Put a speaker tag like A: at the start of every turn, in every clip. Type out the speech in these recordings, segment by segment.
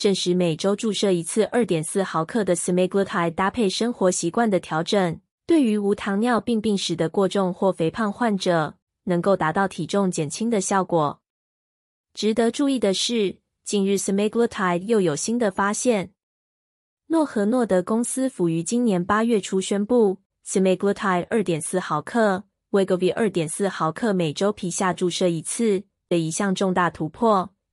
A: 證實每周注射一次二點四毫克的 Semaglutide 搭配生活習慣的調整，對於無糖尿病病史的過重或肥胖患者，能夠達到體重減輕的效果。值得注意的是，近日 Semaglutide 又有新的發現。諾和諾德公司於今年八月初宣布 Semaglutide 二點四毫克 Wegovy 二點四毫克每周皮下注射一次的一項重大突破。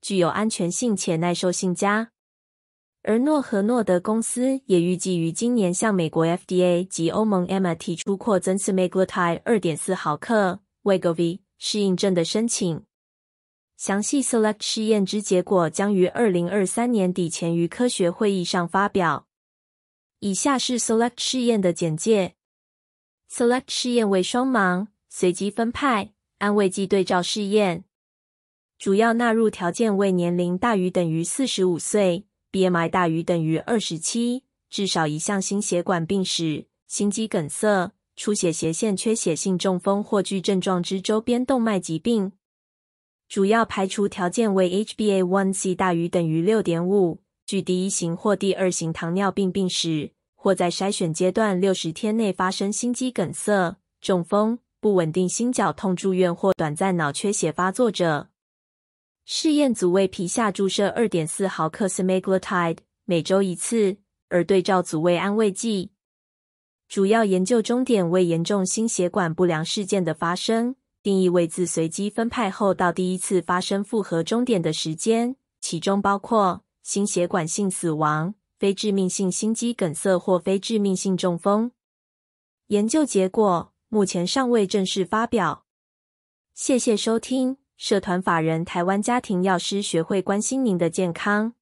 A: 具有安全性且耐受性佳，而諾和諾德公司也預計於今年向美國 FDA 及歐盟 EMA 提出擴增 semaglutide 二點四毫克、Wegovy 適應症的申請。詳細 SELECT 試驗之結果將於二零二三年底前於科學會議上發表。以下是 SELECT 試驗的簡介：SELECT 試驗為雙盲、隨機分派、安慰劑對照試驗。主要納入條件為年齡大於等於四十五歲，BMI 大於等於二十七，至少一項心血管病史、心肌梗塞、出血斜線缺血性中風或具症狀之周邊動脈疾病。主要排除條件為 HbA1c 大於等於六點五，具第一型或第二型糖尿病病史，或在篩選階段六十天內發生心肌梗塞、中風、不穩定心絞痛住院或短暫腦缺血發作者。試驗組為皮下注射二點四毫克 Semaglutide，每周一次，而對照組為安慰劑。主要研究終點為嚴重心血管不良事件的發生，定義為自隨機分派後到第一次發生復合終點的時間，其中包括心血管性死亡、非致命性心肌梗塞或非致命性中風。研究結果目前尚未正式發表。謝謝收聽。社團法人台灣家庭藥師學會關心您的健康。